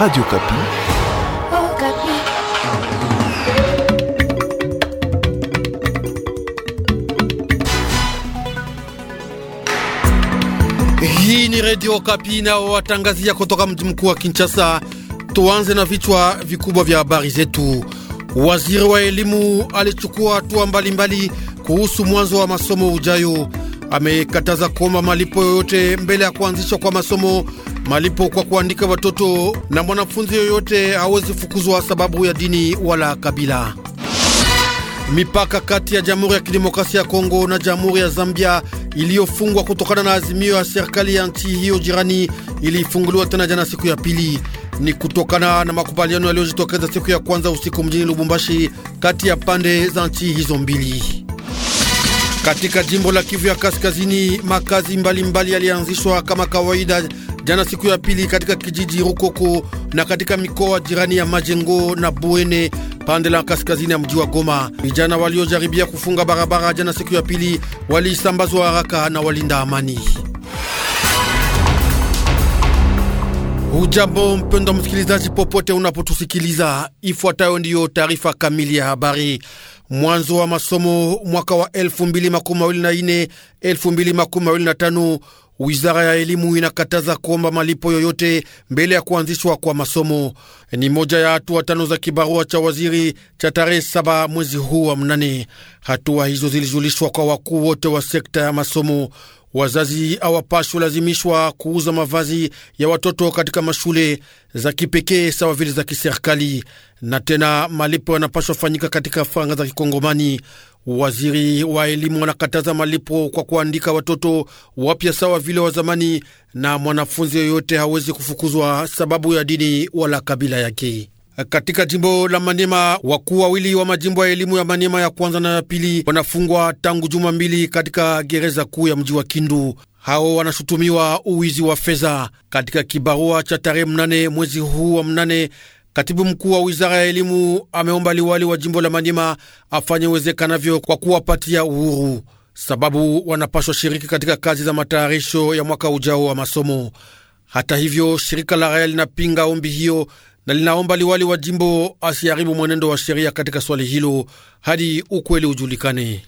Radio Kapi. Oh, Kapi. Hii ni Radio Kapi nao watangazia kutoka mji mkuu wa Kinshasa. Tuanze na vichwa vikubwa vya habari zetu. Waziri wa elimu alichukua hatua mbalimbali kuhusu mwanzo wa masomo ujayo. Amekataza kuomba malipo yoyote mbele ya kuanzishwa kwa masomo Malipo kwa kuandika watoto na mwanafunzi yoyote hawezi fukuzwa sababu ya dini wala kabila. Mipaka kati ya Jamhuri ya Kidemokrasia ya Kongo na Jamhuri ya Zambia iliyofungwa kutokana na azimio ya serikali ya nchi hiyo jirani ilifunguliwa tena jana siku ya pili. Ni kutokana na makubaliano yaliyojitokeza siku ya kwanza usiku mjini Lubumbashi kati ya pande za nchi hizo mbili. Katika jimbo la Kivu ya Kaskazini, makazi mbalimbali yalianzishwa kama kawaida jana siku ya pili katika kijiji Rukoko na katika mikoa jirani ya Majengo na Buene pande la kaskazini ya mji wa Goma. Vijana waliojaribia kufunga barabara jana siku ya pili walisambazwa haraka na walinda amani. Ujambo mpendwa msikilizaji, popote unapotusikiliza, ifuatayo ndiyo taarifa kamili ya habari. Mwanzo wa masomo mwaka wa 2024 2025 Wizara ya elimu inakataza kuomba malipo yoyote mbele ya kuanzishwa kwa masomo. Ni moja ya hatua tano za kibarua cha waziri cha tarehe saba mwezi huu wa mnane. Hatua hizo zilijulishwa kwa wakuu wote wa sekta ya masomo. Wazazi hawapashwi lazimishwa kuuza mavazi ya watoto katika mashule za kipekee sawa vile za kiserikali, na tena malipo yanapashwa fanyika katika faranga za Kikongomani. Waziri wa elimu anakataza malipo kwa kuandika watoto wapya sawa vile wa zamani, na mwanafunzi yoyote hawezi kufukuzwa sababu ya dini wala kabila yake. Katika jimbo la manema wakuu wawili wa majimbo ya elimu ya manema ya kwanza na ya pili wanafungwa tangu juma mbili katika gereza kuu ya mji wa Kindu. Hao wanashutumiwa uwizi wa fedha. Katika kibarua cha tarehe mnane mwezi huu wa mnane, Katibu mkuu wa wizara ya elimu ameomba liwali wa jimbo la Manyema afanye uwezekanavyo kwa kuwapatia uhuru, sababu wanapashwa shiriki katika kazi za matayarisho ya mwaka ujao wa masomo. Hata hivyo, shirika la raia linapinga ombi hiyo na linaomba liwali wa jimbo asiharibu mwenendo wa sheria katika swali hilo hadi ukweli ujulikane.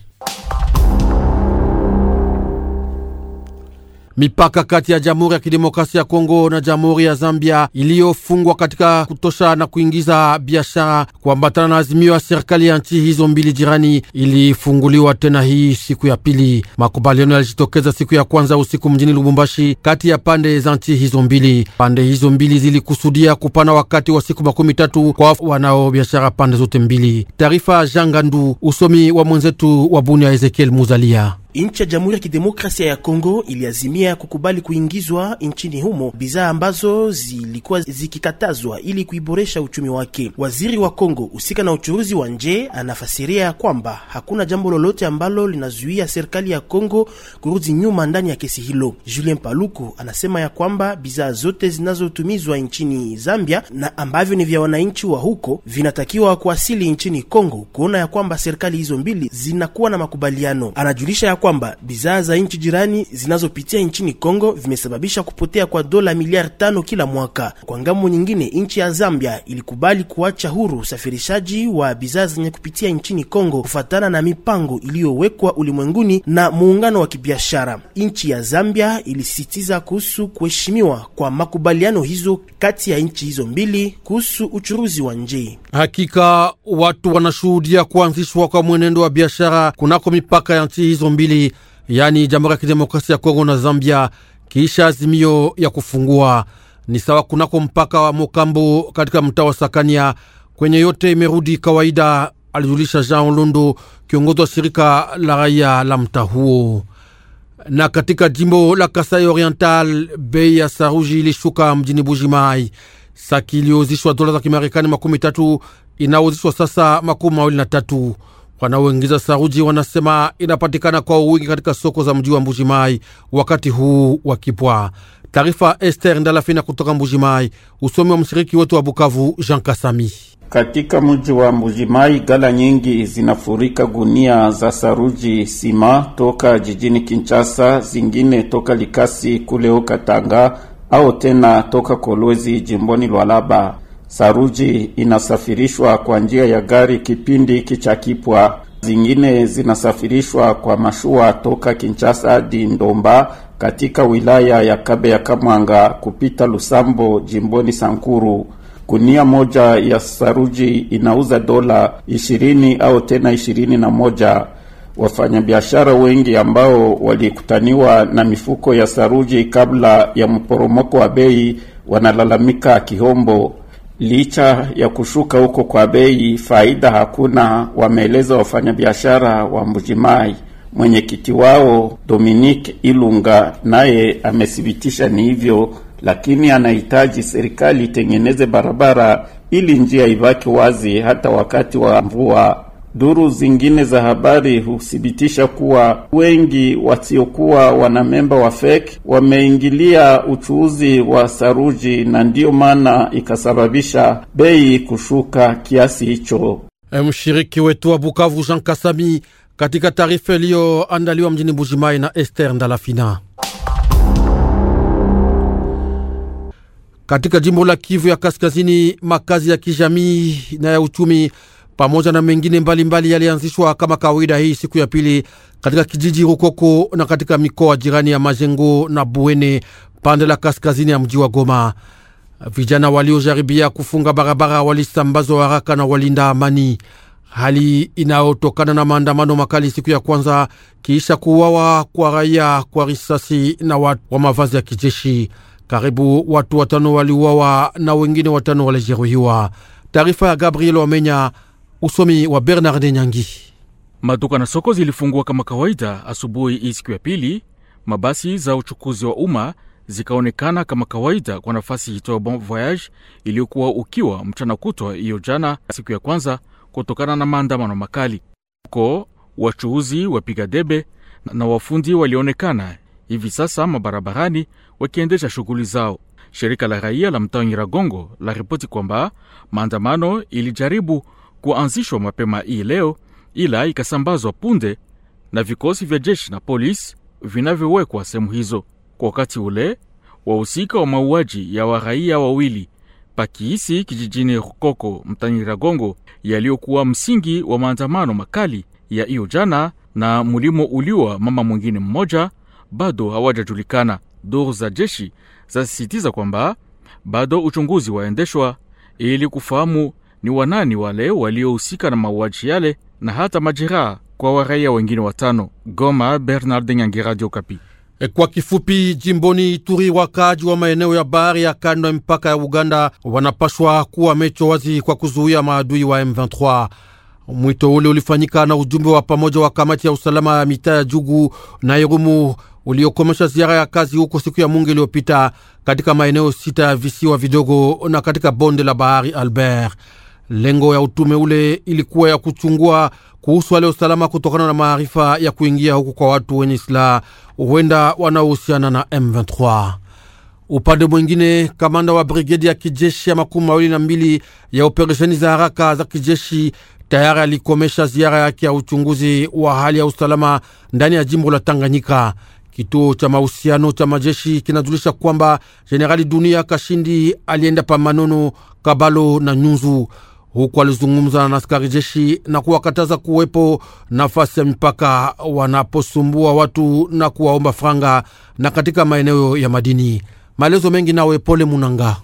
Mipaka kati ya Jamhuri ya Kidemokrasia ya Kongo na Jamhuri ya Zambia iliyofungwa katika kutosha na kuingiza biashara kuambatana na azimio ya serikali ya nchi hizo mbili jirani ilifunguliwa tena hii siku ya pili. Makubaliano yalijitokeza siku ya kwanza usiku mjini Lubumbashi kati ya pande za nchi hizo mbili. Pande hizo mbili zilikusudia kupana wakati wa siku makumi tatu kwa wanao biashara pande zote mbili. Taarifa Gandu, usomi wa mwenzetu wa Bunia Ezekiel Muzalia. Nchi ya Jamhuri ya Kidemokrasia ya Kongo iliazimia kukubali kuingizwa nchini humo bidhaa ambazo zilikuwa zikikatazwa ili kuiboresha uchumi wake. Waziri wa Kongo husika na uchuruzi wa nje anafasiria kwamba hakuna jambo lolote ambalo linazuia serikali ya Kongo kurudi nyuma ndani ya kesi hilo. Julien Paluku anasema ya kwamba bidhaa zote zinazotumizwa nchini Zambia na ambavyo ni vya wananchi wa huko vinatakiwa kuasili nchini Kongo, kuona ya kwamba serikali hizo mbili zinakuwa na makubaliano. Anajulisha ya kwamba bidhaa za nchi jirani zinazopitia nchini Kongo vimesababisha kupotea kwa dola miliari tano kila mwaka. Kwa ngambo nyingine, nchi ya Zambia ilikubali kuacha huru usafirishaji wa bidhaa zenye kupitia nchini Kongo kufatana na mipango iliyowekwa ulimwenguni na muungano wa kibiashara. Nchi ya Zambia ilisisitiza kuhusu kuheshimiwa kwa makubaliano hizo kati ya nchi hizo mbili kuhusu uchuruzi wa nje. Hakika watu wanashuhudia kuanzishwa kwa mwenendo wa biashara kunako mipaka ya nchi hizo mbili mbili, yani Jamhuri ya Kidemokrasia ya Kongo na Zambia, kisha azimio ya kufungua ni sawa kunako mpaka wa Mokambo katika mtaa wa Sakania, kwenye yote imerudi kawaida, alijulisha Jean Olondo, kiongozi wa shirika la raia la mtaa huo. Na katika jimbo la Kasai Oriental, bei ya saruji ilishuka mjini Bujimai. Saki iliyouzishwa dola za Kimarekani makumi tatu inauzishwa sasa makumi mawili na tatu wanaoingiza saruji wanasema inapatikana kwa wingi katika soko za mji wa Mbujimai wakati huu wa kipwa. Taarifa Ester Ndalafina kutoka Mbujimai, usomi wa mshiriki wetu wa Bukavu Jean Kasami. Katika mji wa Mbujimai gala nyingi zinafurika gunia za saruji sima toka jijini Kinshasa, zingine toka Likasi kule Okatanga, au tena toka Kolwezi jimboni Lwalaba. Saruji inasafirishwa kwa njia ya gari kipindi hiki cha kipwa, zingine zinasafirishwa kwa mashua toka Kinshasa hadi Ndomba katika wilaya ya Kabe ya Kamwanga kupita Lusambo jimboni Sankuru. Kunia moja ya saruji inauza dola ishirini au tena ishirini na moja. Wafanyabiashara wengi ambao walikutaniwa na mifuko ya saruji kabla ya mporomoko wa bei wanalalamika kihombo. Licha ya kushuka huko kwa bei, faida hakuna, wameeleza wafanyabiashara wa Mbujimai. Mwenyekiti wao Dominique Ilunga naye amethibitisha ni hivyo, lakini anahitaji serikali itengeneze barabara ili njia ibaki wazi hata wakati wa mvua. Duru zingine za habari huthibitisha kuwa wengi wasiokuwa wanamemba wa FEC wameingilia uchuuzi wa saruji na ndiyo maana ikasababisha bei kushuka kiasi hicho. Eh, mshiriki wetu wa Bukavu Jean Kasami katika taarifa iliyoandaliwa mjini Bujimai na Esther Ndalafina. Katika jimbo la Kivu ya Kaskazini, makazi ya kijamii na ya uchumi pamoja na mengine mbalimbali yalianzishwa kama kawaida hii siku ya pili katika kijiji Rukoko na katika mikoa jirani ya Majengo na Buene pande la kaskazini ya mji wa Goma. Vijana waliojaribia kufunga barabara walisambazwa haraka na walinda amani, hali inayotokana na maandamano makali siku ya kwanza kiisha kuuawa kwa raia kwa risasi na watu wa mavazi ya kijeshi. Karibu watu watano waliuawa na wengine watano walijeruhiwa. Taarifa ya Gabriel Wamenya. Usomi wa Bernard Nyangi. Maduka na soko zilifungua kama kawaida asubuhi hii siku ya pili. Mabasi za uchukuzi wa umma zikaonekana kama kawaida kwa nafasi itoa Bon Voyage iliyokuwa ukiwa mchana kutwa hiyo jana, siku ya kwanza, kutokana na maandamano makali huko. Wachuuzi, wapiga debe na wafundi walionekana hivi sasa mabarabarani wakiendesha shughuli zao. Shirika la raia la mtaa Nyiragongo la ripoti kwamba maandamano ilijaribu kuanzishwa mapema hii leo, ila ikasambazwa punde na vikosi vya jeshi na polisi vinavyowekwa sehemu hizo. Kwa wakati ule, wahusika wa mauaji ya waraia wawili pakiisi kijijini Rukoko mtani Ragongo, yaliyokuwa msingi wa maandamano makali ya iyo jana na mulimo uliwa mama mwingine mmoja bado hawajajulikana. Duru za jeshi zasisitiza kwamba bado uchunguzi waendeshwa ili kufahamu ni wanani wale waliohusika na mauaji yale na hata majeraha kwa waraia wengine watano. Goma, Bernard Nyangi, Radio Kapi. E, kwa kifupi, jimboni Ituri, wakaaji wa maeneo ya bahari ya kando ya mpaka ya Uganda wanapashwa kuwa mecho wazi kwa kuzuia maadui wa M23. Mwito ule ulifanyika na ujumbe wa pamoja wa kamati ya usalama ya mitaa ya Jugu na Irumu uliokomesha ziara ya kazi huko siku ya Mungu iliyopita katika maeneo sita ya visiwa vidogo na katika bonde la bahari Albert. Lengo ya utume ule ilikuwa ya kuchungua kuhusu wale usalama kutokana na maarifa ya kuingia huku kwa watu wenye silaha huenda wanaohusiana na M23. Upande mwingine, kamanda wa brigedi ya kijeshi ya makumi mawili na mbili ya operesheni za haraka za kijeshi tayari alikomesha ziara yake ya uchunguzi wa hali ya usalama ndani ya jimbo la Tanganyika. Kituo cha mahusiano cha majeshi kinajulisha kwamba Jenerali Dunia Kashindi alienda pa Manono, Kabalo na Nyunzu huku alizungumza na askari jeshi na kuwakataza kuwepo nafasi ya mipaka wanaposumbua watu na kuwaomba franga na katika maeneo ya madini. Maelezo mengi nawe Pole Munanga.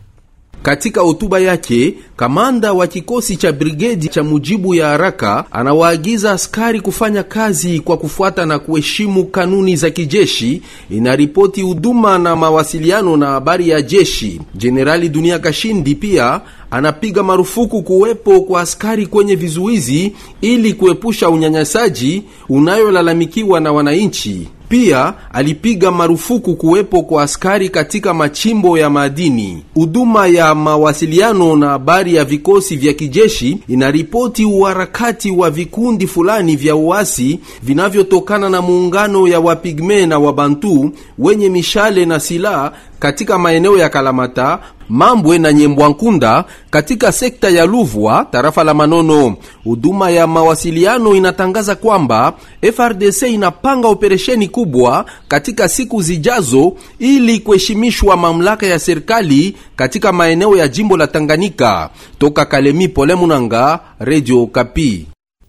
Katika hotuba yake, kamanda wa kikosi cha brigedi cha mujibu ya haraka anawaagiza askari kufanya kazi kwa kufuata na kuheshimu kanuni za kijeshi, inaripoti huduma na mawasiliano na habari ya jeshi. Jenerali Dunia Kashindi pia anapiga marufuku kuwepo kwa askari kwenye vizuizi ili kuepusha unyanyasaji unayolalamikiwa na wananchi. Pia alipiga marufuku kuwepo kwa askari katika machimbo ya madini. Huduma ya mawasiliano na habari ya vikosi vya kijeshi inaripoti uharakati wa vikundi fulani vya uasi vinavyotokana na muungano ya wapigme na wabantu wenye mishale na silaha katika maeneo ya Kalamata Mambwe na Nyembwankunda katika sekta ya Luvwa, tarafa la Manono. Huduma ya mawasiliano inatangaza kwamba FRDC inapanga operesheni kubwa katika siku zijazo ili kuheshimishwa mamlaka ya serikali katika maeneo ya jimbo la Tanganyika. Toka Kalemi, Pole Munanga, Radio Kapi.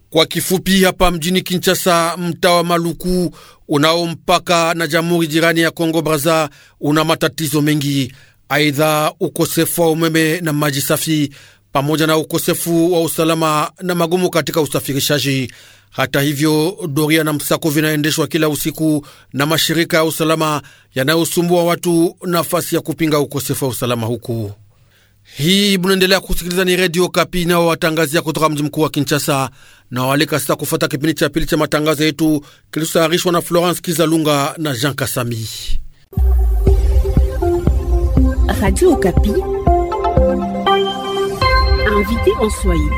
Kwa kifupi, hapa mjini Kinshasa, mtaa wa Maluku unao mpaka na jamhuri jirani ya Kongo Braza una matatizo mengi. Aidha, ukosefu wa umeme na maji safi pamoja na ukosefu wa usalama na magumu katika usafirishaji. Hata hivyo, doria na msako vinaendeshwa kila usiku na mashirika ya usalama yanayosumbua watu nafasi ya kupinga ukosefu wa usalama huku. Hii munaendelea kusikiliza ni Redio Kapi inayowatangazia kutoka mji mkuu wa Kinshasa na waalika sasa kufuata kipindi cha pili cha matangazo yetu kilichotayarishwa na Florence Kizalunga na Jean Kasami. Radio Okapi, invité en Swahili.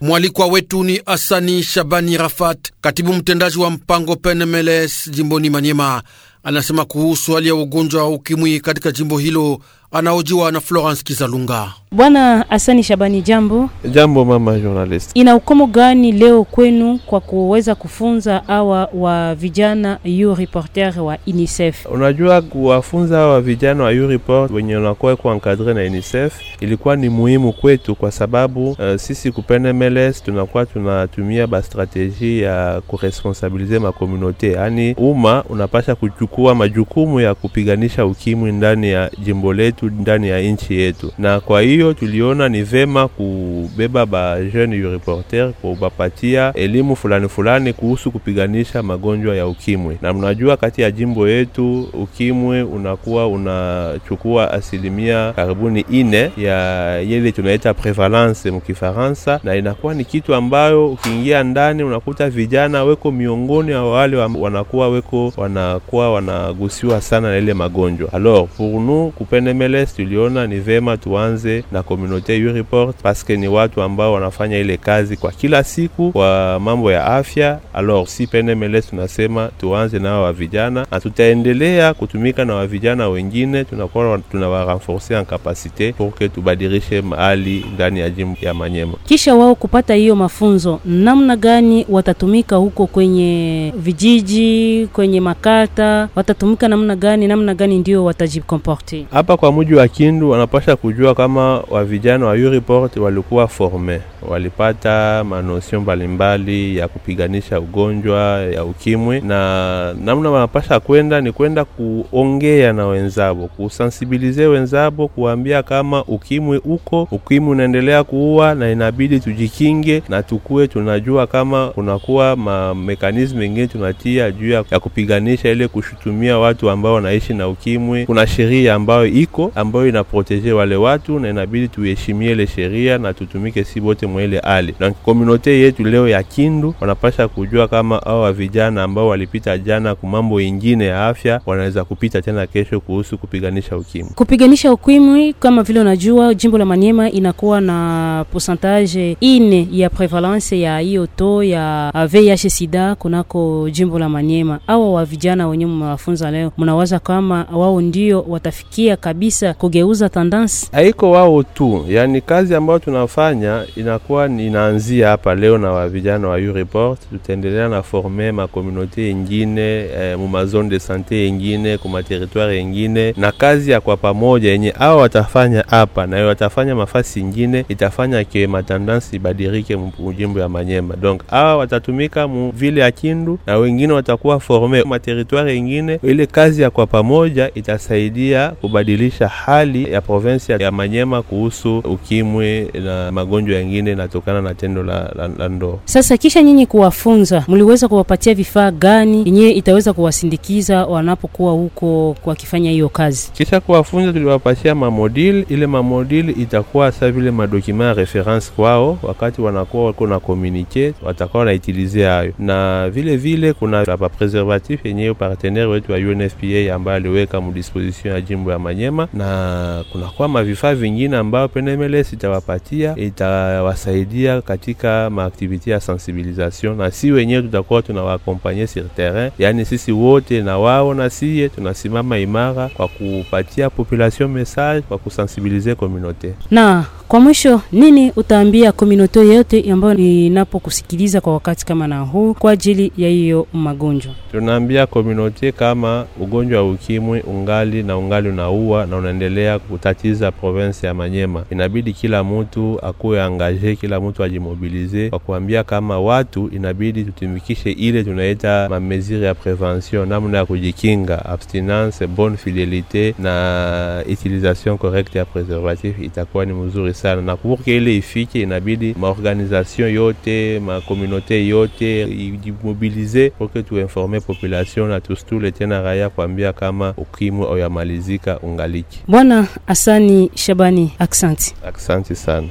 Mwalikwa wetu ni Asani Shabani Rafat, katibu mtendaji wa mpango PNMLS jimboni Manyema. Anasema kuhusu hali ya ugonjwa wa ukimwi katika jimbo hilo anaojiwa na Florence Kizalunga. Bwana Asani Shabani, jambo. Jambo mama journalist. Ina ukomo gani leo kwenu kwa kuweza kufunza awa wa vijana yu reporter wa UNICEF? Unajua, kuwafunza awa vijana wa yu report wenye unakuwa kuankadre na UNICEF ilikuwa ni muhimu kwetu kwa sababu uh, sisi kupende MLS tunakuwa tunatumia bastrategi ya kuresponsabilize makomunote, yaani umma unapasha kuchukua majukumu ya kupiganisha ukimwi ndani ya jimbo letu wetu ndani ya nchi yetu, na kwa hiyo tuliona ni vema kubeba ba jeune reporter kubapatia elimu fulani fulani kuhusu kupiganisha magonjwa ya ukimwi. Na mnajua kati ya jimbo yetu ukimwi unakuwa unachukua asilimia karibuni ine ya yele tunaita prevalence mkifaransa, na inakuwa ni kitu ambayo ukiingia ndani unakuta vijana weko miongoni wa wale wanakuwa weko wanakuwa wanagusiwa sana na ile magonjwa. Alors pour nous kupenemele MLS tuliona ni vema tuanze na Communaute U Report paske ni watu ambao wanafanya ile kazi kwa kila siku kwa mambo ya afya. Alors si PNMLS tunasema tuanze nao wa vijana, na tutaendelea kutumika na wavijana wengine, tunakuwa tunawarenforce en kapasite porke tubadirishe mahali ndani ya jimbo ya Manyema. Kisha wao kupata hiyo mafunzo, namna gani watatumika huko kwenye vijiji, kwenye makata, watatumika namna gani, namna gani ndio watajikomporte hapa kwa mji wa Kindu wanapasha kujua kama wa vijana wa Uriport walikuwa forme, walipata manosio mbalimbali ya kupiganisha ugonjwa ya ukimwi, na namna wanapasha kwenda ni kwenda kuongea na wenzabo, kusansibilize wenzabo, kuambia kama ukimwi uko, ukimwi unaendelea kuua na inabidi tujikinge na tukuwe tunajua kama kunakuwa mamekanismu mengine tunatia juu ya kupiganisha ile kushutumia watu ambao wanaishi na ukimwi. Kuna sheria ambayo iko ambayo inaproteje wale watu, na inabidi tuheshimie ile sheria na tutumike si bote mwaile ali na komunote yetu leo ya Kindu wanapasha kujua kama awa vijana ambao walipita jana kumambo ingine ya afya wanaweza kupita tena kesho kuhusu kupiganisha ukimwi. Kupiganisha ukimwi kama vile unajua, jimbo la manyema inakuwa na pourcentage ine ya prevalence ya hiyo to ya VIH sida kunako jimbo la manyema Awa wa vijana wenyewe mnawafunza leo, mnawaza kama wao ndio watafikia kabisa kabisa kugeuza tandansi? Haiko wao tu, yani kazi ambayo tunafanya inakuwa inaanzia hapa leo na wa vijana wa Ureport. Tutaendelea na forme ma yengine eh, muma de sante yengine kuma territoire yengine, na kazi ya kwa pamoja yenye awa watafanya hapa nayo watafanya mafasi ingine, itafanya ke matandansi ibadirike mujimbo ya Manyema. Donc awa watatumika mu vile ya Kindu na wengine watakuwa forme ma territoire yengine. Ile kazi ya kwa pamoja itasaidia kubadilisha kuonyesha hali ya provinsi ya Manyema kuhusu ukimwi na magonjwa yengine natokana na tendo la, la, la ndoa. Sasa kisha nyinyi kuwafunza, mliweza kuwapatia vifaa gani yenyewe itaweza kuwasindikiza wanapokuwa huko wakifanya hiyo kazi? Kisha kuwafunza, tuliwapatia mamodili. Ile mamodili itakuwa sa vile madokima ya reference kwao, wakati wanakuwa wako na komunike watakuwa wanaitilize hayo, na vile vile kuna hapa preservatif yenyewe partenere wetu wa UNFPA ambaye aliweka mudisposition ya jimbo ya Manyema na kunakuwa vifaa vingine ambayo PNML itawapatia itawasaidia katika maaktiviti ya sensibilisation, na si wenyewe tutakuwa tunawakompanye sur terrain, yaani sisi wote na wao na siye tunasimama imara kwa kupatia population message kwa kusensibilize communauté na kwa mwisho, nini utaambia kominoto yote ambayo inapokusikiliza kwa wakati kama na huu kwa ajili ya hiyo magonjwa? Tunaambia komunote kama ugonjwa wa ukimwi ungali na ungali unaua na unaendelea kutatiza province ya Manyema. Inabidi kila mtu akuwe angaje, kila mtu ajimobilize kwa kuambia kama watu inabidi tutumikishe ile tunaita mamesure ya prevention, namna ya kujikinga, abstinence, bonne fidelite na utilisation correcte ya preservatif itakuwa ni mzuri sana na kurke ile ifike, inabidi maorganization yote communauté yote ijimobilize poke tuinforme population na tustule tena raia kwambia kama ukimwi oyamalizika ungaliki. Bwana Asani Shabani, aksanti, aksanti sana.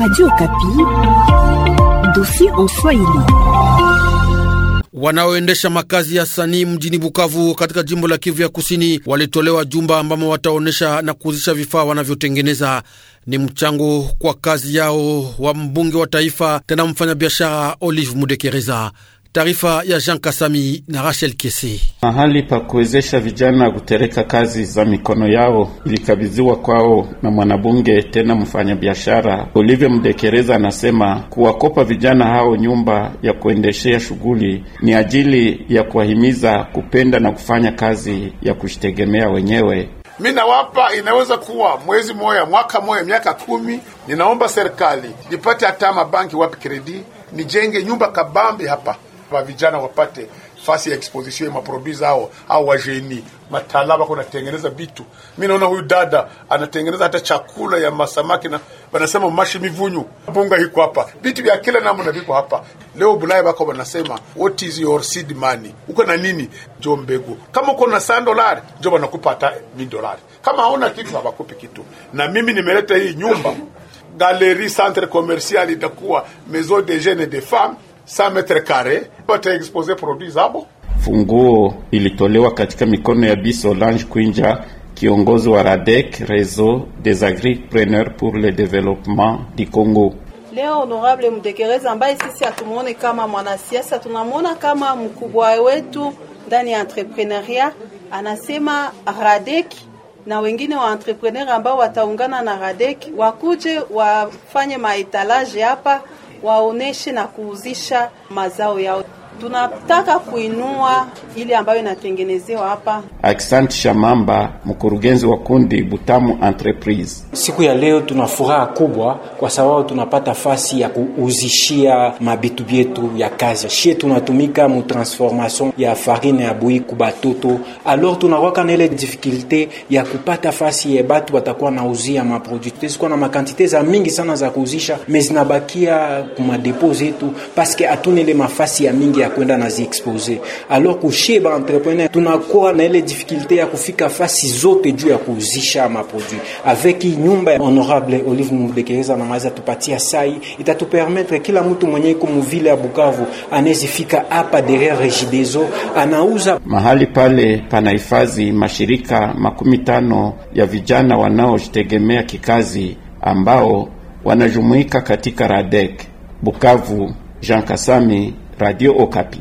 Radio Kapi, dossier en Swahili. Wanaoendesha makazi ya sanii mjini Bukavu katika jimbo la Kivu ya Kusini walitolewa jumba ambamo wataonyesha na kuuzisha vifaa wanavyotengeneza. Ni mchango kwa kazi yao wa mbunge wa taifa tena mfanyabiashara Olive Mudekereza. Taarifa ya Jean Kasami na Rachel Kesi. Mahali pa kuwezesha vijana kutereka kazi za mikono yao ilikabidhiwa kwao na mwanabunge tena mfanyabiashara Olivia Mdekereza. Anasema kuwakopa vijana hao nyumba ya kuendeshea shughuli ni ajili ya kuwahimiza kupenda na kufanya kazi ya kujitegemea wenyewe. Mi nawapa inaweza kuwa mwezi moya, mwaka moya, miaka kumi. Ninaomba serikali nipate hata mabanki wapi kredi nijenge nyumba kabambi hapa wa vijana wapate fasi ya exposition ya maproduce zao au wajeni matalaba kuna tengeneza bitu. Mimi naona huyu dada anatengeneza hata chakula ya masamaki na wanasema mashi mivunyu bunga hiko hapa, bitu vya kila namna viko hapa. Leo Bulaya bako wanasema what is your seed money, uko na nini? Njo mbegu. Kama uko na sando dolari njo wanakupa hata mil dolari, kama hauna kitu hawakupi kitu. Na mimi nimeleta hii nyumba Galerie Centre Commercial itakuwa maison de jeunes et de femmes 100 metre carre wataexpose produit zabo. Funguo ilitolewa katika mikono ya Bi Solange Kwinja, kiongozi wa RADEC, Réseau des Agripreneurs pour le Développement du Congo. Leo Honorable Mdekereza, ambaye sisi atumone kama mwanasiasa, tunamwona kama mkubwa wetu ndani ya entrepreneuria, anasema RADEC na wengine wa entrepreneur ambao wataungana na RADEC wakuje wafanye maetalage hapa waoneshe na kuuzisha mazao yao tunataka kuinua ile ambayo inatengenezewa hapa. Aksanti Shamamba, mkurugenzi wa kundi Butamu Entreprise. Siku ya leo tuna furaha kubwa kwa sababu tunapata fasi ya kuuzishia mabitu byetu ya kazi shie, tunatumika mu transformation ya farine ya bui ku batoto. Alors tunawaka na ile difficulte ya kupata fasi ya batu batakuwa nauzia maproduit tesikuwa na makantite za mingi sana za kuuzisha, me zinabakia kumadepo zetu paske hatuna ile mafasi ya mingi ya ya kwenda nazi expose, alors kushie ba entrepreneur tunakuwa na ile difficulté ya kufika fasi zote juu ya kuuzisha maproduit. Avec nyumba ya honorable Olive Mbekeza na maza tupatia sai, itatupermettre kila mtu mwenye iko muvile ya Bukavu fika hapa derrière Regideso anauza mahali pale, panahifadhi mashirika makumi tano ya vijana wanaojitegemea kikazi ambao wanajumuika katika Radek. Bukavu, Jean Kasami Radio Okapi.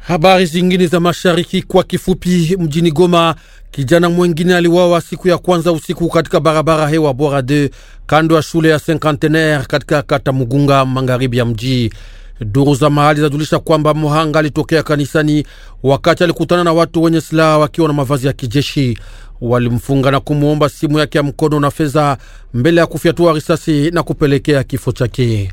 Habari zingine za mashariki kwa kifupi. Mjini Goma, kijana mwengine aliwawa siku ya kwanza usiku katika barabara hewa bora de kando ya shule ya Cinquantenaire katika kata Mugunga, magharibi ya mji. Duru za mahali zajulisha kwamba muhanga alitokea kanisani wakati alikutana na watu wenye silaha wakiwa na mavazi ya kijeshi. Walimfunga na kumwomba simu yake ya mkono na fedha mbele ya kufyatua risasi na kupelekea kifo chake.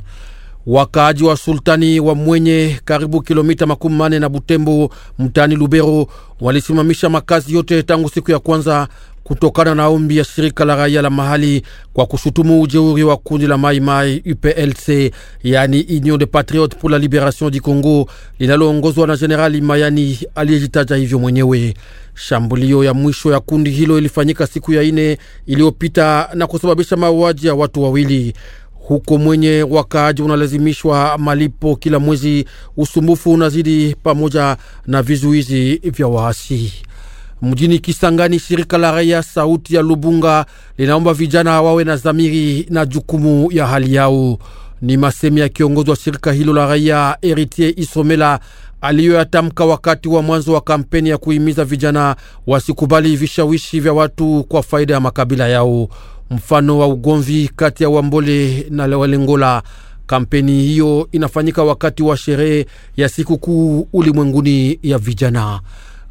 Wakaaji wa sultani wa Mwenye, karibu kilomita makumi mane na Butembo, mtaani Lubero, walisimamisha makazi yote tangu siku ya kwanza kutokana na ombi ya shirika la raia la mahali kwa kushutumu ujeuri wa kundi la Maimai UPLC, yani Union de Patriotes pour la Liberation du Congo, linaloongozwa na Jenerali Mayani aliyejitaja hivyo mwenyewe. Shambulio ya mwisho ya kundi hilo ilifanyika siku ya ine iliyopita na kusababisha mauaji ya watu wawili huko mwenye wakaaji unalazimishwa malipo kila mwezi. Usumbufu unazidi pamoja na vizuizi vya waasi. Mjini Kisangani, shirika la raia Sauti ya Lubunga linaomba vijana wawe na dhamiri na jukumu ya hali yao. Ni masemi ya kiongozi wa shirika hilo la raia Eritier Isomela aliyoyatamka wakati wa mwanzo wa kampeni ya kuhimiza vijana wasikubali vishawishi vya watu kwa faida ya makabila yao mfano wa ugomvi kati ya Wambole na Walengola. Kampeni hiyo inafanyika wakati wa sherehe ya sikukuu ulimwenguni ya vijana.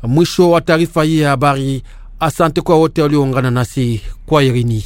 Mwisho wa taarifa hii ya habari. Asante kwa wote walioungana nasi kwa Irini.